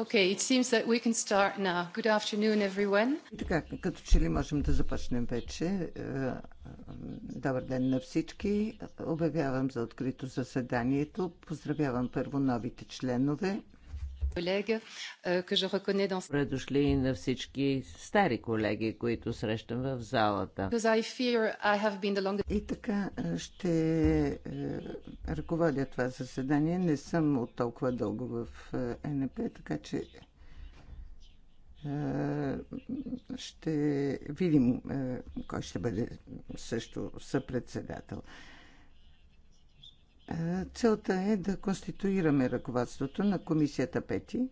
Okay, it seems that we can start now. Good afternoon, everyone. И така, като че ли можем да започнем вече. Е, е, добър ден на всички. Обявявам за открито заседанието. Поздравявам първо новите членове. Предошли е, и на всички стари колеги, които срещам в залата. И така е, ще е, ръководя това заседание. Не съм от толкова дълго в НП, така че ще видим кой ще бъде също съпредседател. Целта е да конституираме ръководството на комисията Пети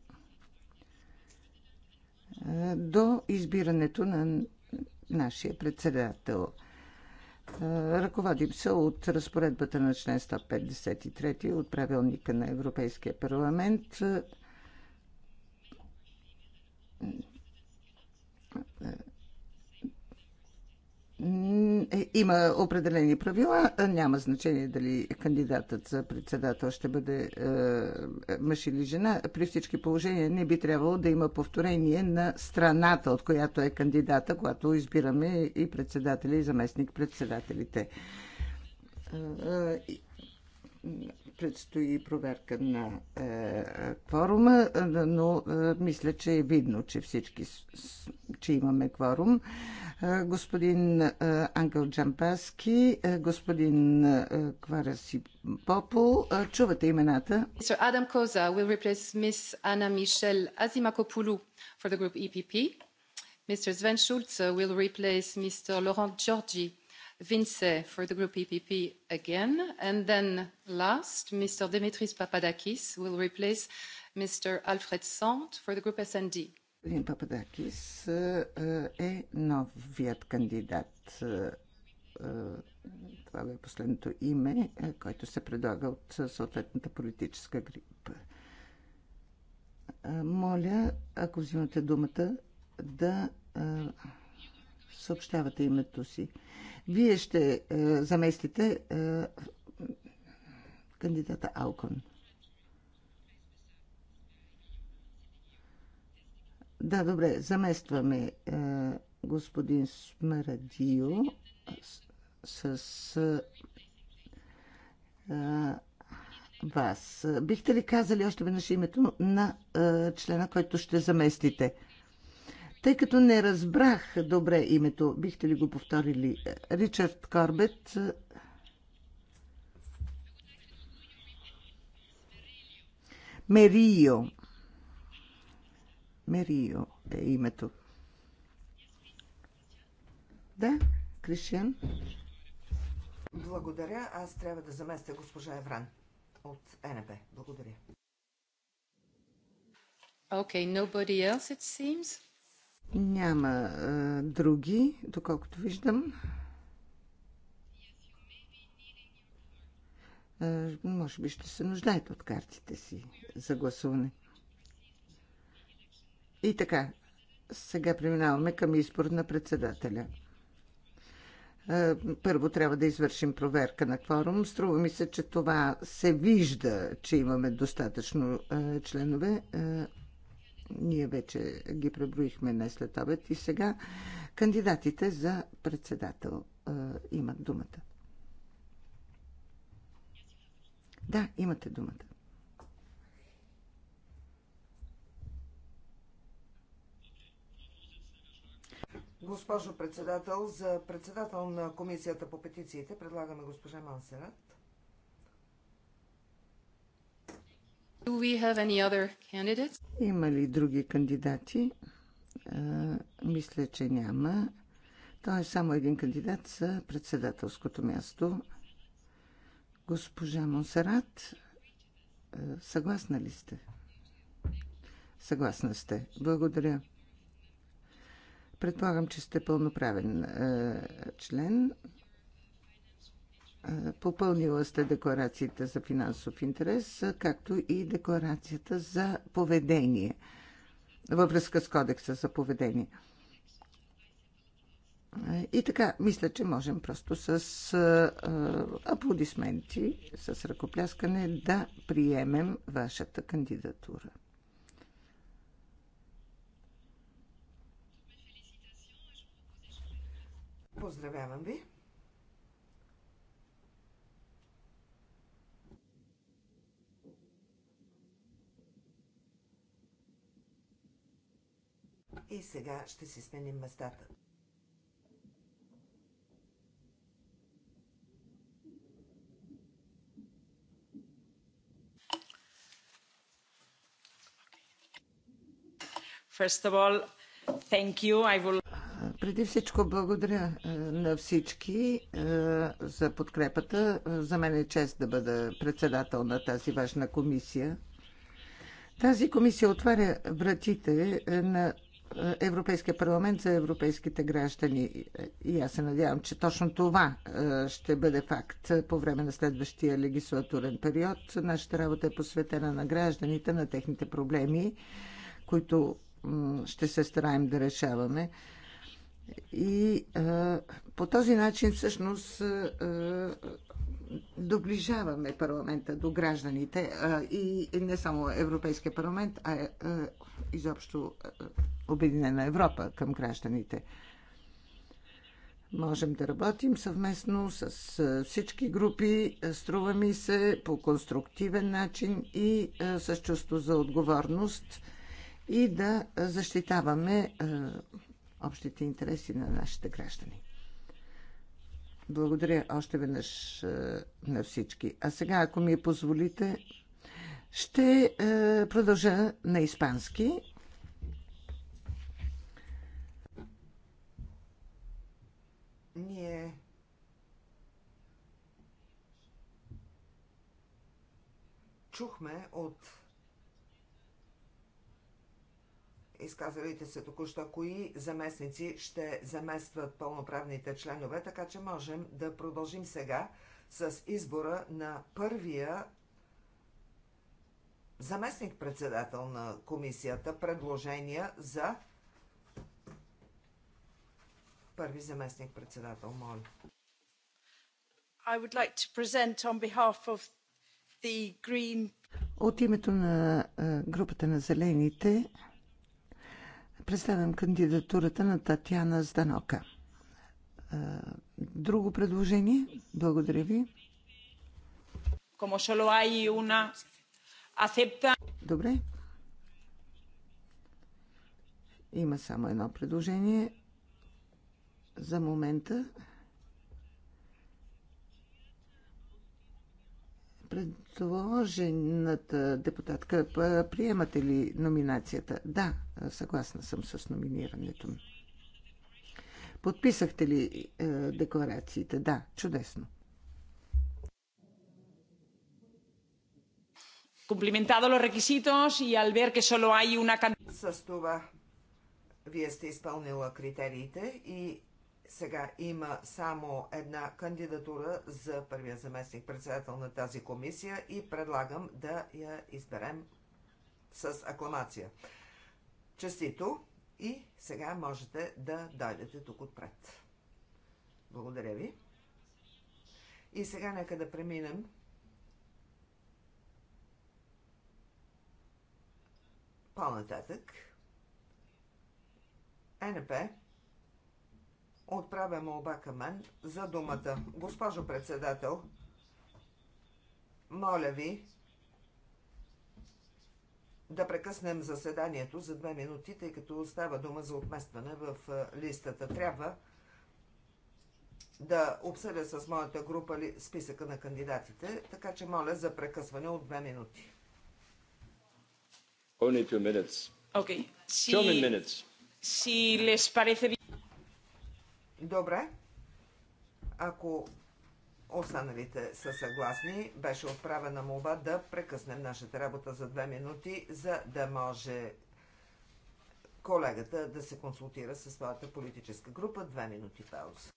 до избирането на нашия председател. Ръководим се от разпоредбата на член 153 от правилника на Европейския парламент. Е, има определени правила, няма значение дали кандидатът за председател ще бъде е, е, мъж или жена. При всички положения не би трябвало да има повторение на страната, от която е кандидата, когато избираме и председатели и заместник-председателите. Е, предстои проверка на е, кворума, но е, мисля, че е видно, че всички, че имаме кворум. Е, Господин е, Ангел Джампаски, е, господин е, Квараси Попол, е, чувате имената. Мистер Адам Коза will replace Miss Anna Michelle Azimakopoulou for the group EPP. Mr. Sven Schulze will replace Mr. Laurent Georgi Vince for the group EPP again. And then last, Mr. Dimitris Papadakis will replace Mr. Alfred Sant for the group S&D. Господин Пападакис е новият кандидат. Това е последното име, който се предлага от съответната политическа група. Моля, ако взимате думата, да съобщавате името си. Вие ще е, заместите е, кандидата Алкон. Да, добре, заместваме е, господин Смарадио с, с е, вас. Бихте ли казали още веднъж името на е, члена, който ще заместите? Тъй като не разбрах добре името, бихте ли го повторили? Ричард Корбет. Мерио. Мерио е името. Да, Кришен. Благодаря. Аз трябва да заместя госпожа Евран от НБ. Благодаря. Okay, nobody else it seems. Няма а, други, доколкото виждам. А, може би ще се нуждаете от картите си за гласуване. И така, сега преминаваме към избор на председателя. Първо трябва да извършим проверка на кворум. Струва ми се, че това се вижда, че имаме достатъчно членове. Ние вече ги преброихме днес след обед и сега кандидатите за председател имат думата. Да, имате думата. Госпожо председател, за председател на Комисията по петициите предлагаме госпожа Мансерат. Има ли други кандидати? А, мисля, че няма. Той е само един кандидат за председателското място. Госпожа Монсерат, съгласна ли сте? Съгласна сте. Благодаря. Предполагам, че сте пълноправен член Попълнила сте декларацията за финансов интерес, както и декларацията за поведение във връзка с кодекса за поведение. И така, мисля, че можем просто с аплодисменти, с ръкопляскане да приемем вашата кандидатура. Поздравявам ви! И сега ще си сменим местата. First of all, thank you. I will... Преди всичко благодаря е, на всички е, за подкрепата. За мен е чест да бъда председател на тази важна комисия. Тази комисия отваря вратите е, на Европейския парламент за европейските граждани. И аз се надявам, че точно това е, ще бъде факт по време на следващия легислатурен период. Нашата работа е посветена на гражданите, на техните проблеми, които ще се стараем да решаваме. И е, по този начин всъщност е, доближаваме парламента до гражданите и не само Европейския парламент, а е, изобщо Обединена Европа към гражданите. Можем да работим съвместно с всички групи, струва ми се, по конструктивен начин и с чувство за отговорност и да защитаваме общите интереси на нашите граждани. Благодаря още веднъж е, на всички. А сега, ако ми позволите, ще е, продължа на испански. Ние чухме от изказалите се току-що, кои заместници ще заместват пълноправните членове, така че можем да продължим сега с избора на първия заместник-председател на комисията предложения за първи заместник-председател, моля. I would like to present on behalf of the Green... От името на групата на зелените представям кандидатурата на Татьяна Зданока. Е, друго предложение? Благодаря ви. Добре. Има само едно предложение за момента. предложената депутатка, приемате ли номинацията? Да, съгласна съм с номинирането. Подписахте ли е, декларациите? Да, чудесно. Комплиментадо los реквизитос и ал вер ке соло hay уна С това вие сте изпълнила критериите и сега има само една кандидатура за първия заместник председател на тази комисия и предлагам да я изберем с акламация. Честито и сега можете да дойдете тук отпред. Благодаря ви. И сега нека да преминем по-нататък. Е НП отправя молба към мен за думата. Госпожо председател, моля ви да прекъснем заседанието за две минути, тъй като става дума за отместване в листата. Трябва да обсъдя с моята група ли, списъка на кандидатите, така че моля за прекъсване от две минути. Only two minutes. Okay. Si, minutes. Si les parece Добре. Ако останалите са съгласни, беше отправена молба да прекъснем нашата работа за две минути, за да може колегата да се консултира със своята политическа група. Две минути пауза.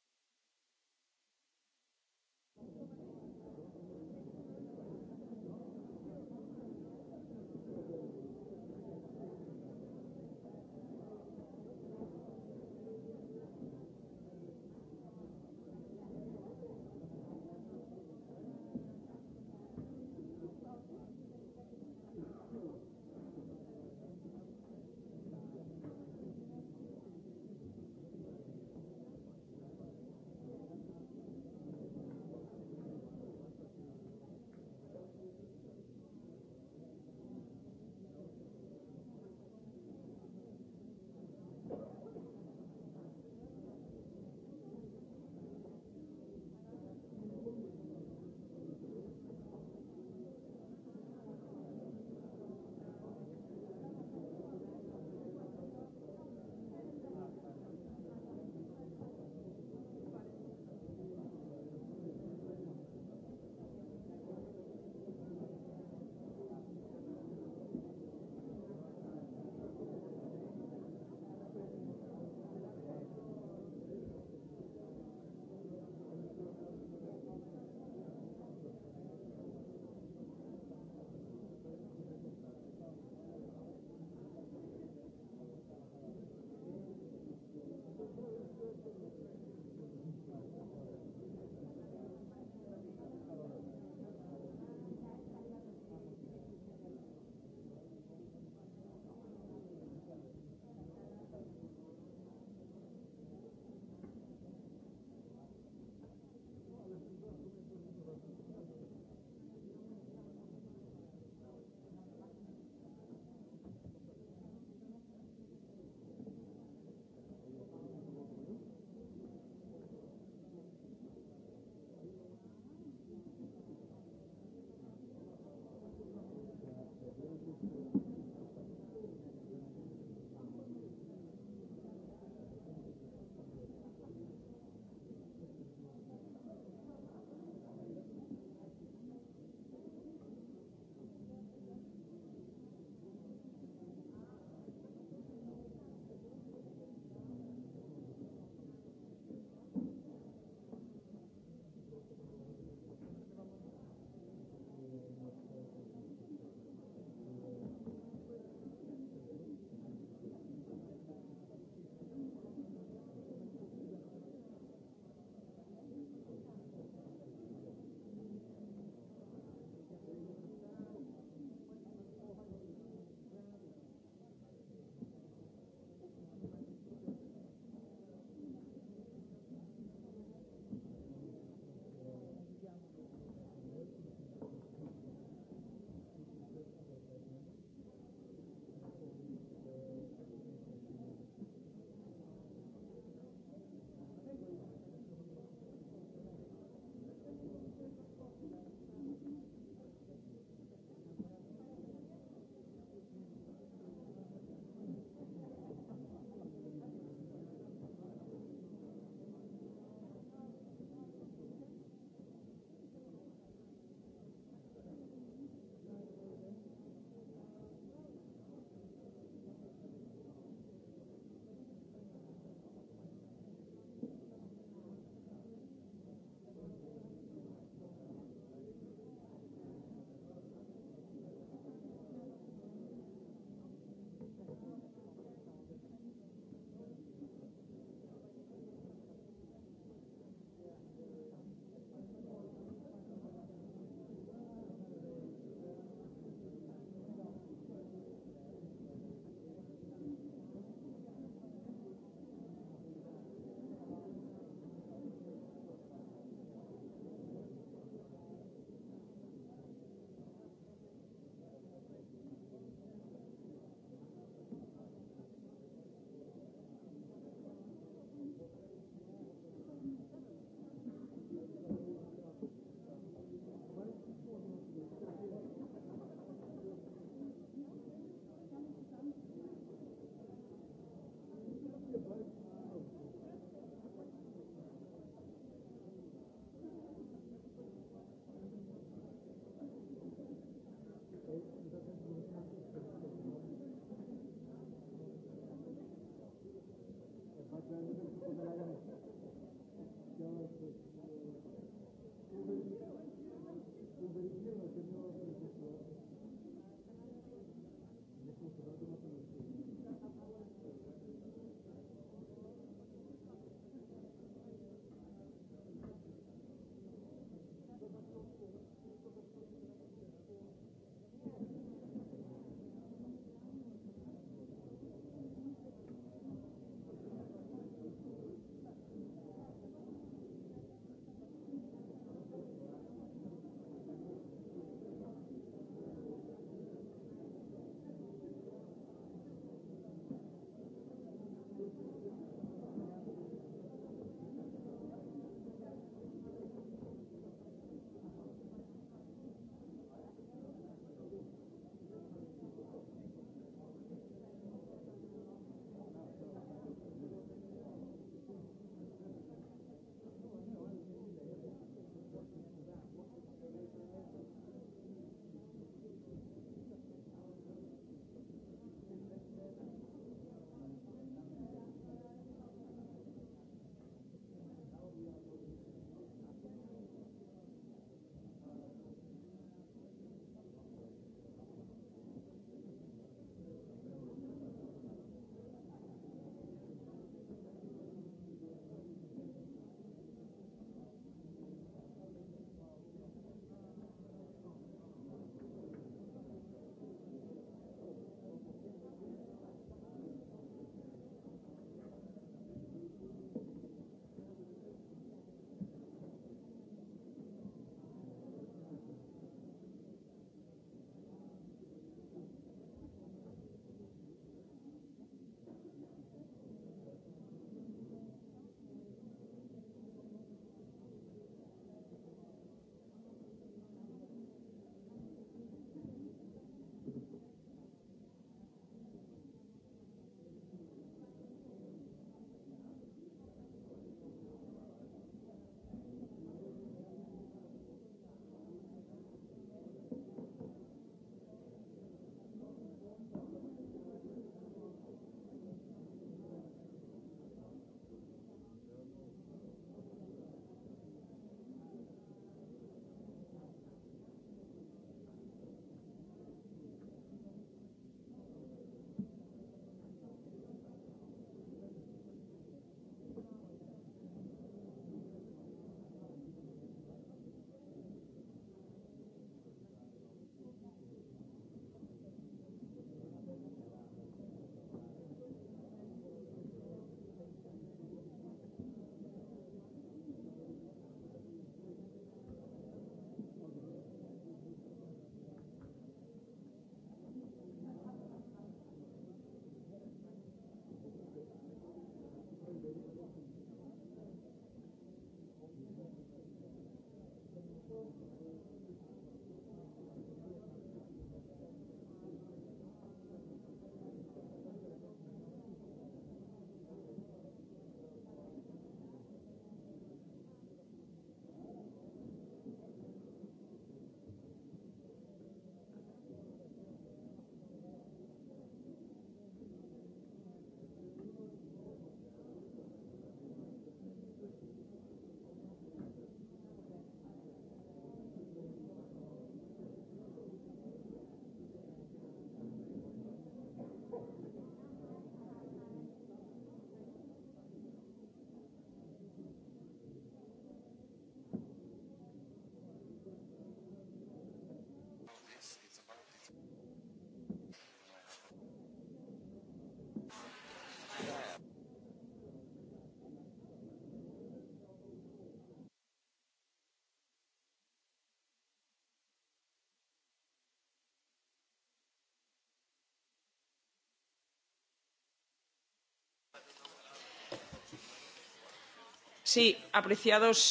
Sí, apreciados.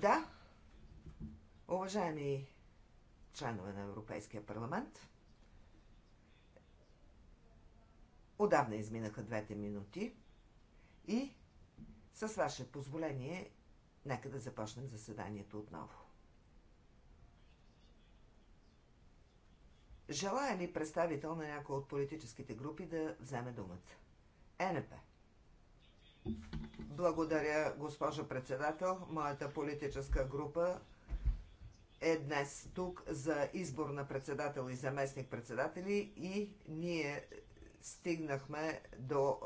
Да, уважаеми членове на Европейския парламент, отдавна изминаха двете минути и с ваше позволение нека да започнем заседанието отново. Желая ли представител на някой от политическите групи да вземе думата? Е, НП. Благодаря, госпожо председател. Моята политическа група е днес тук за избор на председател и заместник-председатели и ние стигнахме до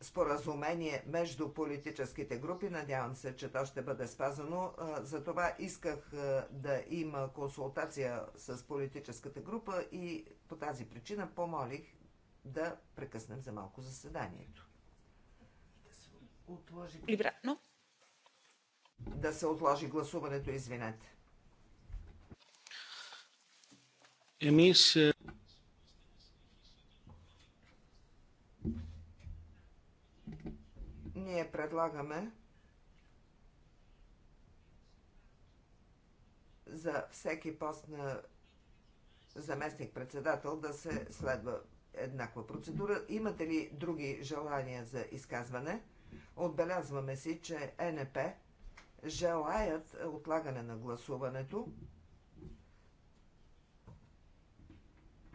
споразумение между политическите групи. Надявам се, че то ще бъде спазано. Затова исках да има консултация с политическата група и по тази причина помолих да прекъснем за малко заседанието отложи... Да се отложи гласуването, извинете. Еми се... Ние предлагаме за всеки пост на заместник-председател да се следва еднаква процедура. Имате ли други желания за изказване? Отбелязваме си, че НП желаят отлагане на гласуването.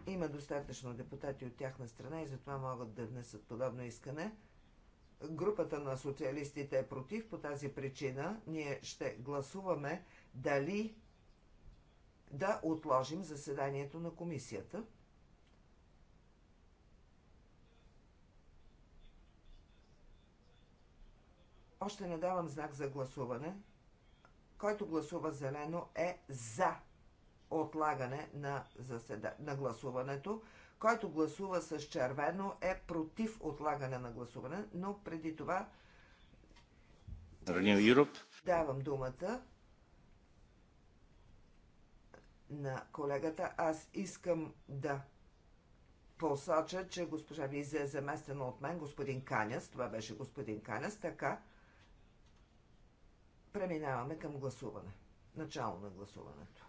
Има достатъчно депутати от тяхна страна и затова могат да внесат подобно искане. Групата на социалистите е против по тази причина. Ние ще гласуваме дали да отложим заседанието на комисията. Още не давам знак за гласуване. Който гласува зелено е за отлагане на, заседа... на гласуването. Който гласува с червено е против отлагане на гласуване, но преди това давам думата на колегата. Аз искам да посоча, че госпожа Визе е заместена от мен, господин Каняс, това беше господин Каняс, така Преминаваме към гласуване. Начало на гласуването.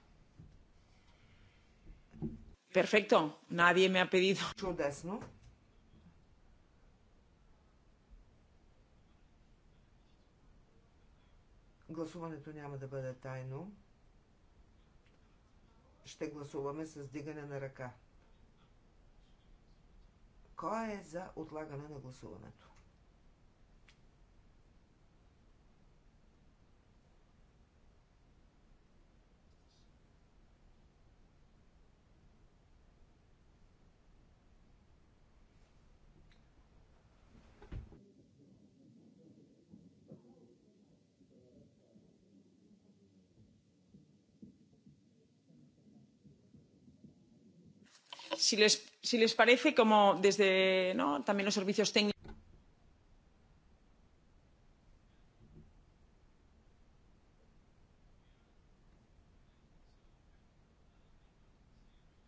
Перфекто. Надие ме апедидо. Чудесно. Гласуването няма да бъде тайно. Ще гласуваме с дигане на ръка. Кой е за отлагане на гласуването? si les parece, como desde también los servicios técnicos.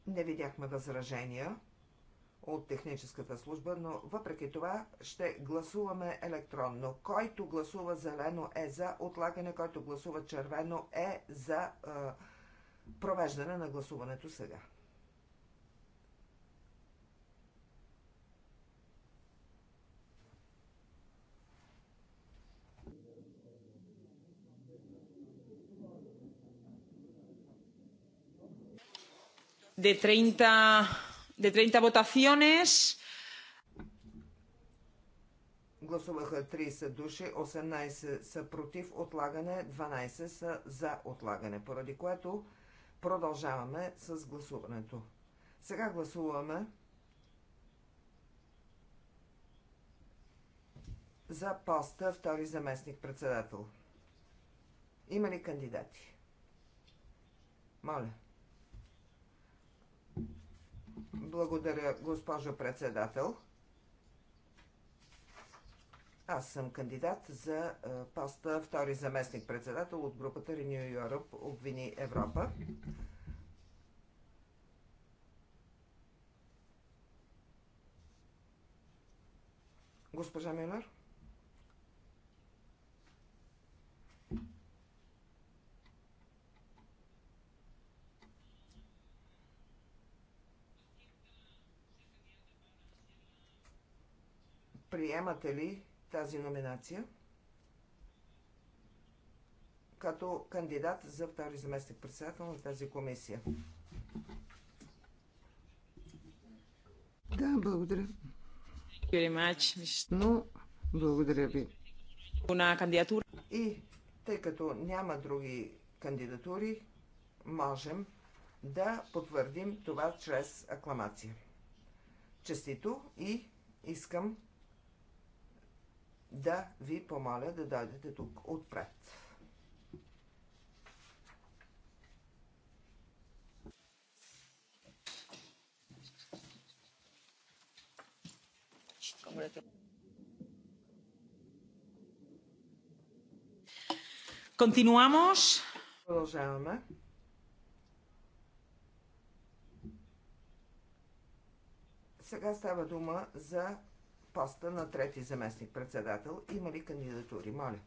Не видяхме възражения от техническата служба, но въпреки това ще гласуваме електронно. Който гласува зелено е за отлагане, който гласува червено е за е, провеждане на гласуването сега. de 30, de 30 votaciones. Гласуваха 30 души, 18 са против отлагане, 12 са за отлагане, поради което продължаваме с гласуването. Сега гласуваме за поста втори заместник-председател. Има ли кандидати? Моля. Благодаря, госпожо председател. Аз съм кандидат за поста втори заместник председател от групата Renew Europe обвини Европа. Госпожа Милер? Приемате ли тази номинация като кандидат за втори заместник председател на тази комисия? Да, благодаря. Но, благодаря ви. И тъй като няма други кандидатури, можем да потвърдим това чрез акламация. Честито и искам да ви помоля да дойдете тук отпред. Continuamos. Продължаваме. Сега става дума за поста на трети заместник председател. Има ли кандидатури? Моля.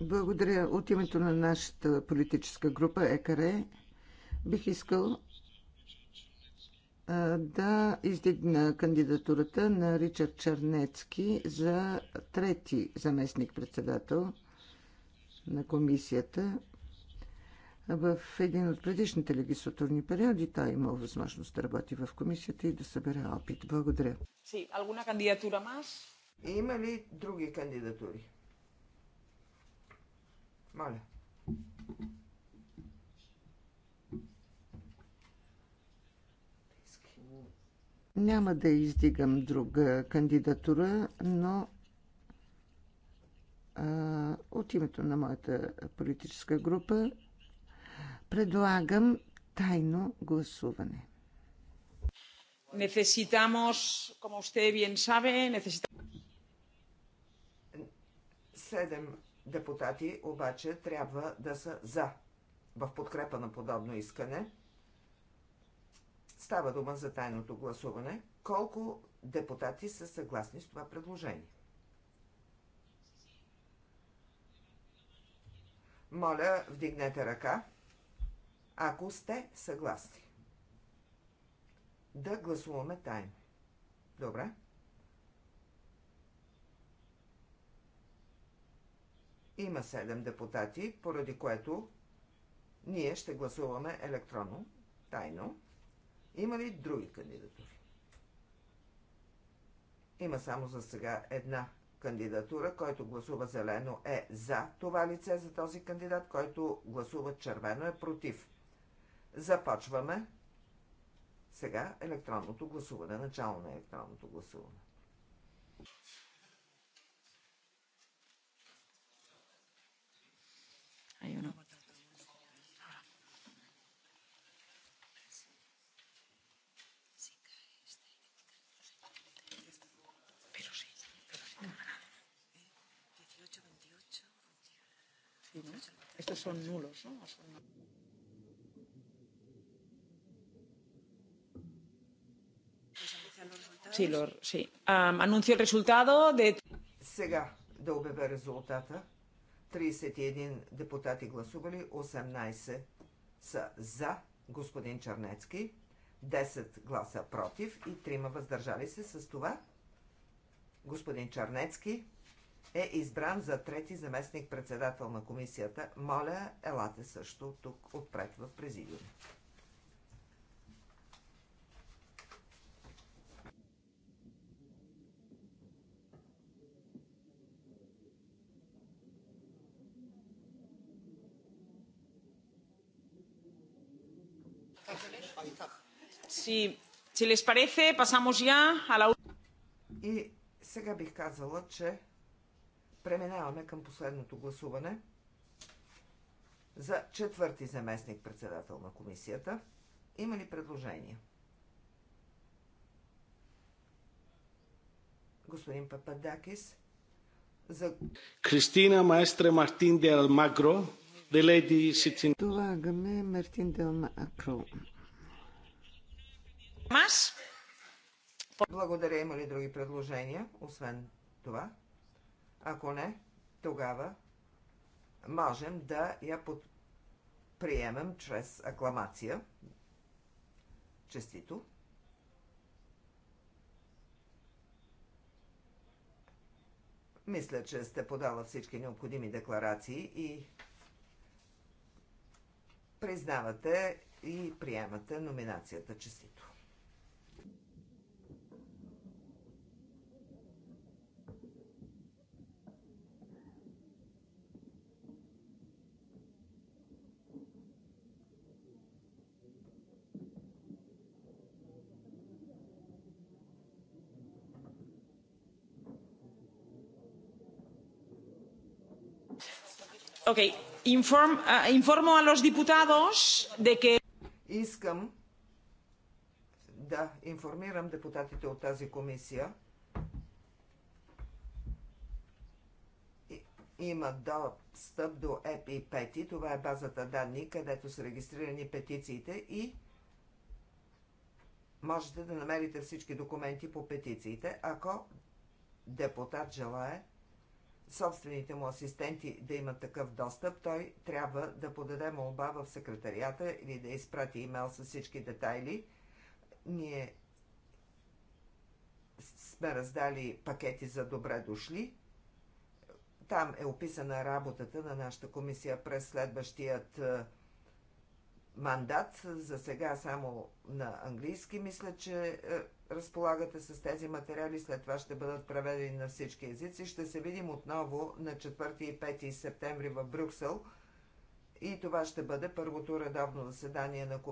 Благодаря. От името на нашата политическа група ЕКАРЕ бих искал да издигна кандидатурата на Ричард Чернецки за трети заместник-председател на комисията. В един от предишните легислатурни периоди той има е имал възможност да работи в комисията и да събере опит. Благодаря. Sí, alguna candidatura más? Има ли други кандидатури? Моля. Няма да издигам друга кандидатура, но а, от името на моята политическа група Предлагам тайно гласуване. Necesitamos, como usted bien sabe, necesitamos... Седем депутати обаче трябва да са за в подкрепа на подобно искане. Става дума за тайното гласуване. Колко депутати са съгласни с това предложение? Моля, вдигнете ръка ако сте съгласни. Да гласуваме тайно. Добре? Има 7 депутати, поради което ние ще гласуваме електронно, тайно. Има ли други кандидатури? Има само за сега една кандидатура, който гласува зелено е за това лице, за този кандидат, който гласува червено е против. Започваме сега електронното гласуване, начало на електронното гласуване. Estos son nulos, ¿no? Son... Силор, си. Сега да обявя резултата. 31 депутати гласували, 18 са за господин Чернецки, 10 гласа против и 3 въздържали се. С това господин Чернецки е избран за трети заместник председател на комисията. Моля, елате също тук отпред в президиума. Si, si les parece, pasamos ya a la... И сега бих казала, че преминаваме към последното гласуване за четвърти заместник председател на комисията. Има ли предложения? Господин Пападакис. За... Кристина Маестре Мартин де Алмагро, де Сицин. Долагаме Мартин де Алмагро. Маш? Благодаря. Има ли други предложения, освен това? Ако не, тогава можем да я под... приемем чрез акламация. Честито! Мисля, че сте подала всички необходими декларации и признавате и приемате номинацията честито. Okay. Inform, uh, informo a los diputados de que... Искам да информирам депутатите от тази комисия. Има достъп до ЕПИ пети. Това е базата данни, където са регистрирани петициите и можете да намерите всички документи по петициите, ако депутат желая собствените му асистенти да имат такъв достъп, той трябва да подаде молба в секретарията или да изпрати имейл с всички детайли. Ние сме раздали пакети за добре дошли. Там е описана работата на нашата комисия през следващият е, мандат. За сега само на английски мисля, че е, разполагате с тези материали, след това ще бъдат преведени на всички езици. Ще се видим отново на 4 и 5 септември в Брюксел и това ще бъде първото редовно заседание на комисията.